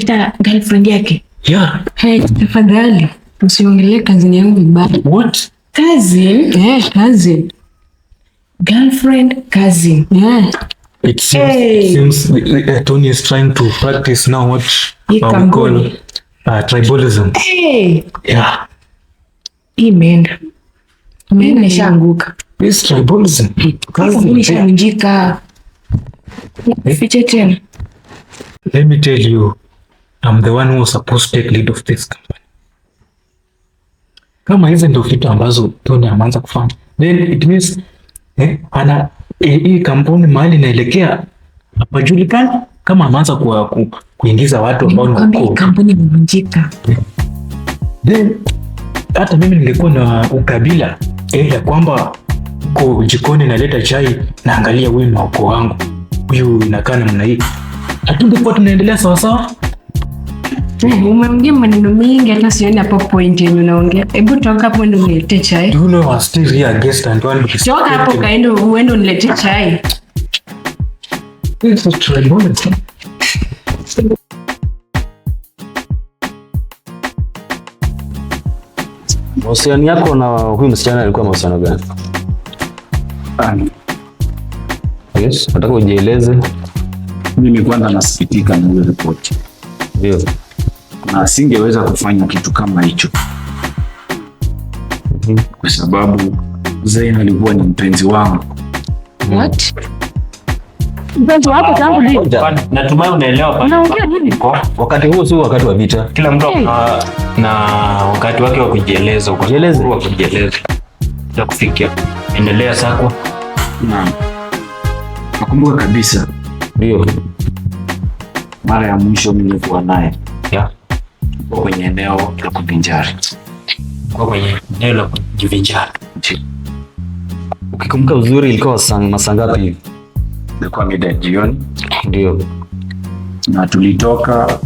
ameleta girlfriend yake. Yeah. Hey, tafadhali usiongelee kazini yangu vibaya. What? Cousin? Eh, cousin. Girlfriend, cousin. Yeah. It seems, hey. it seems uh, Tony is trying to practice now what uh, we call uh, tribalism. Hey. Yeah. Hmm. Imeenda. Mimi nishaanguka. This tribalism. Mimi nishaanguka. Eh? Fiche tena. Let me tell you. I'm the one who was supposed to take lead of this company. Kama hizi ndio vitu ambazo Tony ameanza kufanya, then it means eh, ana eh, hii eh, kampuni mahali inaelekea hapajulikani, kama ameanza ku, kuingiza watu ambao ni wako kampuni imevunjika. Then hata mimi nilikuwa na ukabila eh, ya kwamba ko jikoni naleta chai, naangalia huyu na ukoo wangu, huyu inakaa namna hii, hatungekuwa tunaendelea sawasawa Umeongea maneno mengi hata sioni hapo point yenye unaongea. Hebu toka hapo hapo uende chai. Mahusiano yako na huyu msichana alikuwa mahusiano gani? Yes, nataka ujieleze. Mimi kwanza nasikitika na hiyo ripoti. Ndio na asingeweza kufanya kitu kama hicho mhm. kwa sababu Zain alikuwa ni mpenzi wangu. What? Mpenzi wako tangu lini? Natumai unaelewa Unaongea nini? Wakati huo si wakati wa vita. Kila mtu hey, na wakati wake wa kujieleza, kujieleza, wa kujieleza. kufikia. Endelea Naam. Nakumbuka kabisa. Ndio. Mara ya mwisho nilikuwa naye. Yeah kuwa kwenye eneo la kuvinjari, kuwa kwenye eneo la kujivinjari. Ukikumbuka vizuri, ilikuwa masaa ngapi Ilikuwa mida ya jioni, ndio, na tulitoka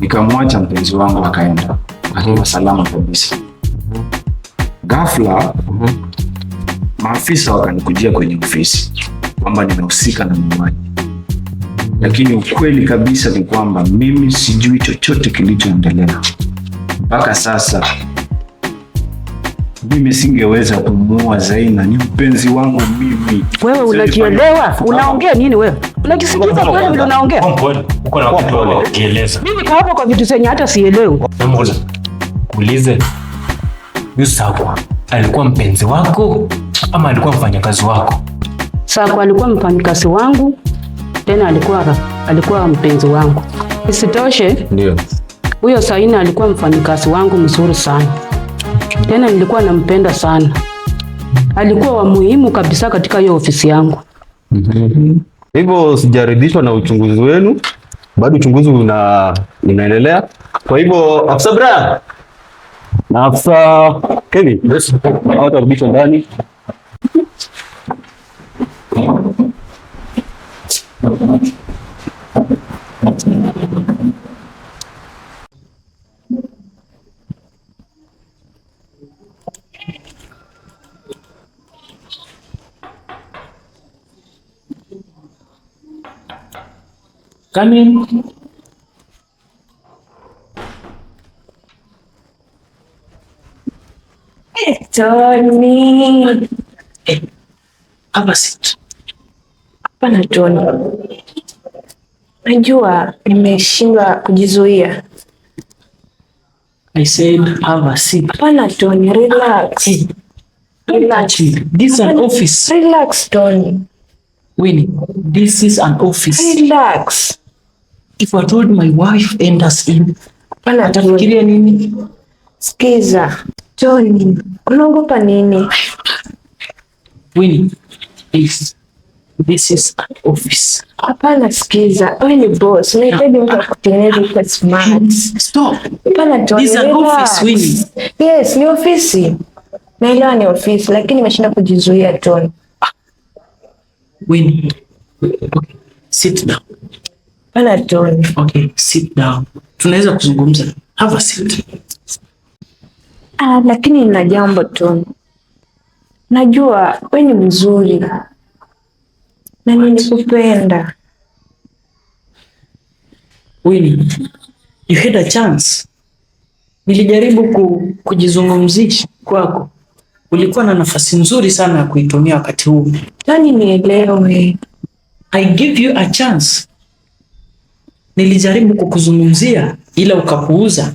nikamwacha mpenzi wangu akaenda akiwa salama kabisa. Ghafla mhm. maafisa wakanikujia kwenye ofisi kwamba nimehusika na mauaji lakini ukweli kabisa ni kwamba mimi sijui chochote kilichoendelea mpaka sasa. Mimi singeweza kumuua Zaina, ni mpenzi wangu mimi. Wewe unajielewa? Unaongea nini wewe? Unajisikiza kweli vile unaongea? Uko na wakati wa kujieleza. Mimi kaapa kwa vitu zenye hata sielewi. Namuuliza. Kuulize. Yusakwa alikuwa mpenzi wako ama alikuwa mfanyakazi wako? Sakwa alikuwa mfanyakazi wangu tena alikuwa, alikuwa mpenzi wangu. Isitoshe, ndio huyo Saina alikuwa mfanyikazi wangu mzuri sana, tena nilikuwa nampenda sana, alikuwa wa muhimu kabisa katika hiyo ofisi yangu. mm Hivyo sijaridhishwa na uchunguzi wenu, bado uchunguzi una, unaendelea. Kwa hivyo afisa Bra na afisa Kevin hawatarudishwa ndani. Come in. Tony. Have a seat. Pana Toni, najua nimeshindwa kujizuia. I said have a seat. Pana Toni, relax. Relax. This is an office. Relax Toni. Winnie, this is an office. Relax. If I told my wife and us in, atafikiria nini? Sikiza. Toni, unaogopa nini? Winnie, please. This is an office. Hapana, sikiza. Wewe ni boss. Unahitaji mtu akutengeneze kwa smart. Stop. Hapana, John. This is an office, Winnie. Yes, ni ofisi. Naelewa ni ofisi, lakini nimeshinda kujizuia John. Winnie. Okay. Sit down. Hapana, John. Okay, sit down. Tunaweza kuzungumza. Have a seat. Ah, lakini nina jambo John. Najua wewe ni mzuri na kupenda. Winnie, you had a chance. Nilijaribu ku, kujizungumzisha kwako, ulikuwa na nafasi nzuri sana ya kuitumia wakati huu. Yani nielewe, I give you a chance. Nilijaribu kukuzungumzia ila ukapuuza,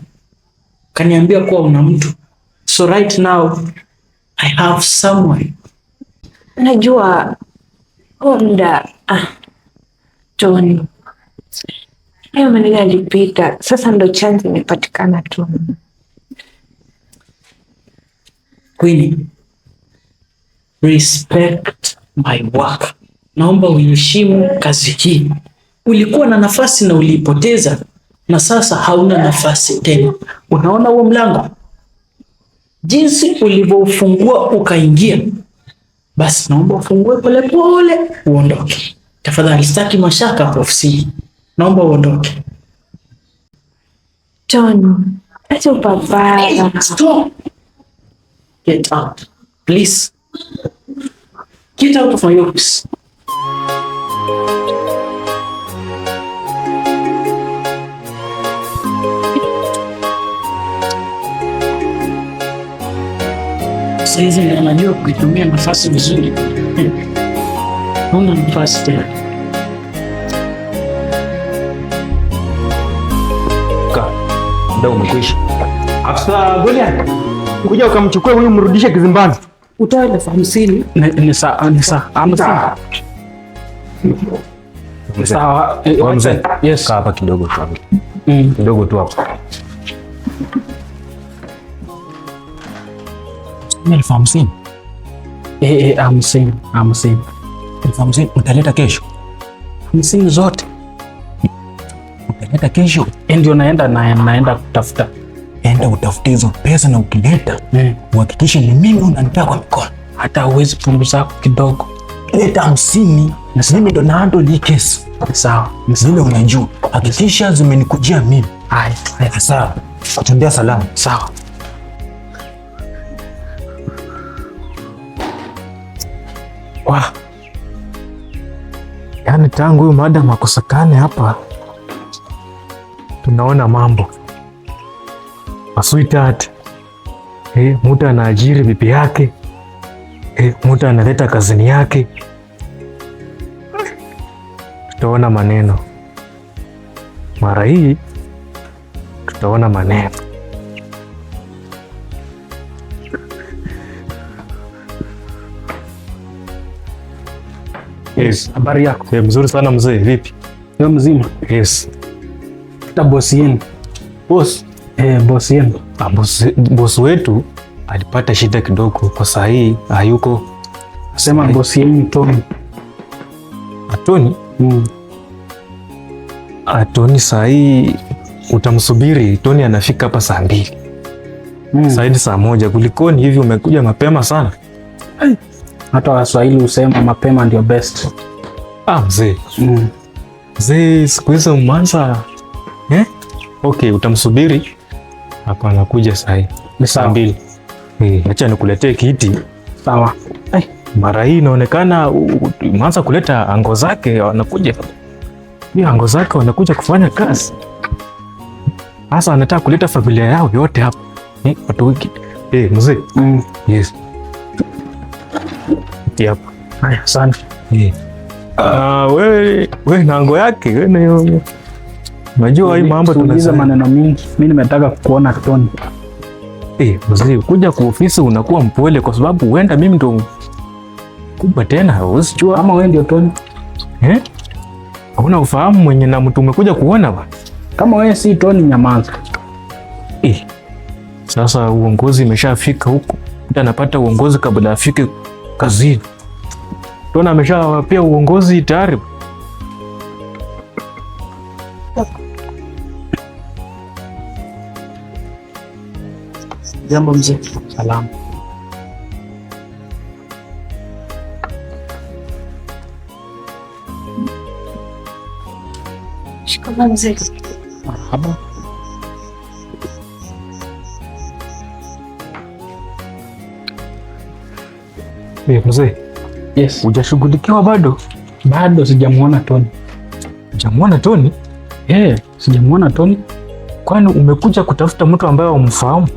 ukaniambia kuwa una mtu. So right now I have someone. Najua Honda. Oh, ah, Toni hayo maneno yalipita, sasa ndo chanzi imepatikana. Toni kweli, respect my work. Naomba uheshimu kazi hii. Ulikuwa na nafasi na uliipoteza, na sasa hauna nafasi tena. Unaona huo mlango jinsi ulivyofungua ukaingia basi naomba ufungue polepole uondoke tafadhali, sitaki mashaka hapo ofisini, naomba uondoke. John, acha upambane. Get out. Please. Get out of my office. sasa hizi ndio najua kuitumia nafasi vizuri. Hauna nafasi tena. Muda umekwisha. Afisa Golia, kuja ukamchukue huyu mrudishe kizimbani. Utoe elfu hamsini. Ni sawa, ni sawa. Sawa. Eh, mzee, yes. Kaa hapa kidogo tu. Mm. Kidogo tu hapo. Mimi elfu hamsini. Eh, eh, hamsini, hamsini. Elfu hamsini utaleta kesho? Hamsini zote utaleta kesho? Eh, ndio naenda na, naenda kutafuta. Enda utafute hizo pesa na ukileta eh. uhakikishe ni mimi unanitaka kwa mikono. Hata uwezi punguza kidogo. Leta hamsini na mimi ndo naando ni kesi. Sawa. Zile unajua. Hakikisha zimenikujia mimi. Haya. Sawa. Tembea salama. Sawa. Wa. Yaani tangu huyu madam akosekane hapa tunaona mambo maswitati eh, mutu anaajiri bibi yake eh, mutu analeta kazini yake, tutaona maneno mara hii, tutaona maneno Yes. Habari yako? Eh, mzuri sana mzee, vipi? Wewe mzima? Yes. Ta bosi yenu. Boss. Eh, boss yenu. Ah, bosi wetu alipata shida kidogo kwa saa hii hayuko. Ah, Sema boss yenu Tony. Atoni? Ah, mm. Atoni ah, saa hii utamsubiri Tony anafika hapa saa mbili. Mm. Saa hii saa moja kulikoni hivi umekuja mapema sana? Ay. Hata Waswahili husema mapema ndio best. Ah, mzee mm. Mzee siku hizo mwanza eh? Okay, utamsubiri hapa, anakuja sahi saa mbili. Eh, acha nikuletee kiti sawa. Hey, eh, mara hii inaonekana mwanza kuleta ango zake, wanakuja ango zake, wanakuja kufanya kazi hasa, anataka kuleta familia yao yote hapa eh, watu wiki mzee mm. yes Yep. Haya, asante. Yeah. Eh. Uh, wewe we nango yake wewe unajua hii mambo tunauliza maneno mingi. Mimi nimetaka kuona Tony. Eh, mzee, kuja kwa ofisi unakuwa mpole kwa sababu huenda mimi ndo kubwa tena, usijua ama wewe ndio Tony. Eh? Hakuna ufahamu mwenye na mtu umekuja kuona ba. Kama wewe si Tony, nyamaza. Eh. Sasa uongozi imeshafika huko. Mtu anapata uongozi kabla afike kazini. Tona ameshawapea uongozi tayari. Jambo mzee. Salamu. Shikamoo mzee. Marhaba. Hey, mzee? Yes. Hujashughulikiwa bado? Bado sijamuona Tony. Hujamuona Tony? Yeah, sijamuona Tony. Kwani umekuja kutafuta mtu ambaye umfahamu?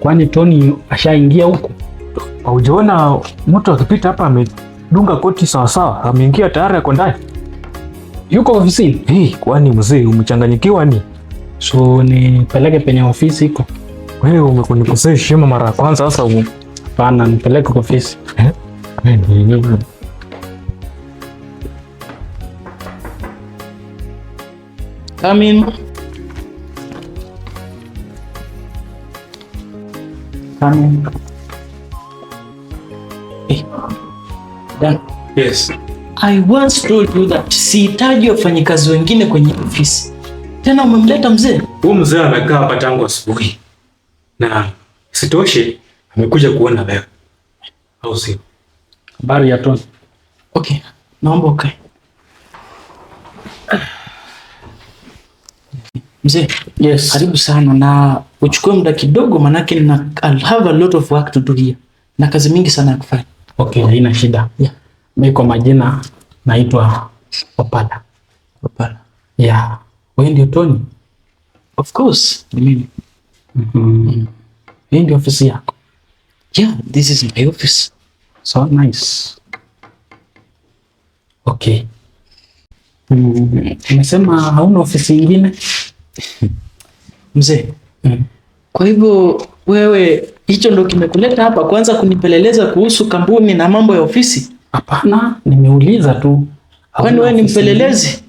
Kwani Tony ashaingia huku Haujaona mtu akipita hapa amedunga koti sawasawa, ameingia tayari, ako ndani, yuko ofisini. Hey, kwani mzee umechanganyikiwa ni? So nipeleke penye ofisi iko? Wewe umekunikosea heshima mara ya kwanza sasa umu. Hapana, nipeleke ofisi. Eh, yes. I once told you that sihitaji wafanyikazi wengine kwenye ofisi. Tena umemleta mzee? Huyu mzee amekaa hapa tangu asubuhi. Na sitoshe amekuja kuona leo, au sio? Habari ya Toni. Okay, naomba ukae. Mzee, yes. Karibu sana na uchukue muda kidogo, manake na I'll have a lot of work to do here, na kazi mingi sana ya kufanya. Okay, haina shida yeah. Mimi kwa majina naitwa Opala. Opala. Yeah. Wewe ndio Toni? Of course, ni mimi. Mhm. Mm Hii ndio ofisi yako? Yeah, this is my office. So nice. Okay. Mm, hauna ofisi ingine Mzee. Mm. Kwa hivyo wewe hicho ndo kimekuleta hapa kwanza kunipeleleza kuhusu kampuni na mambo ya ofisi? Hapana, nimeuliza tu. Kwani wewe ni mpelelezi?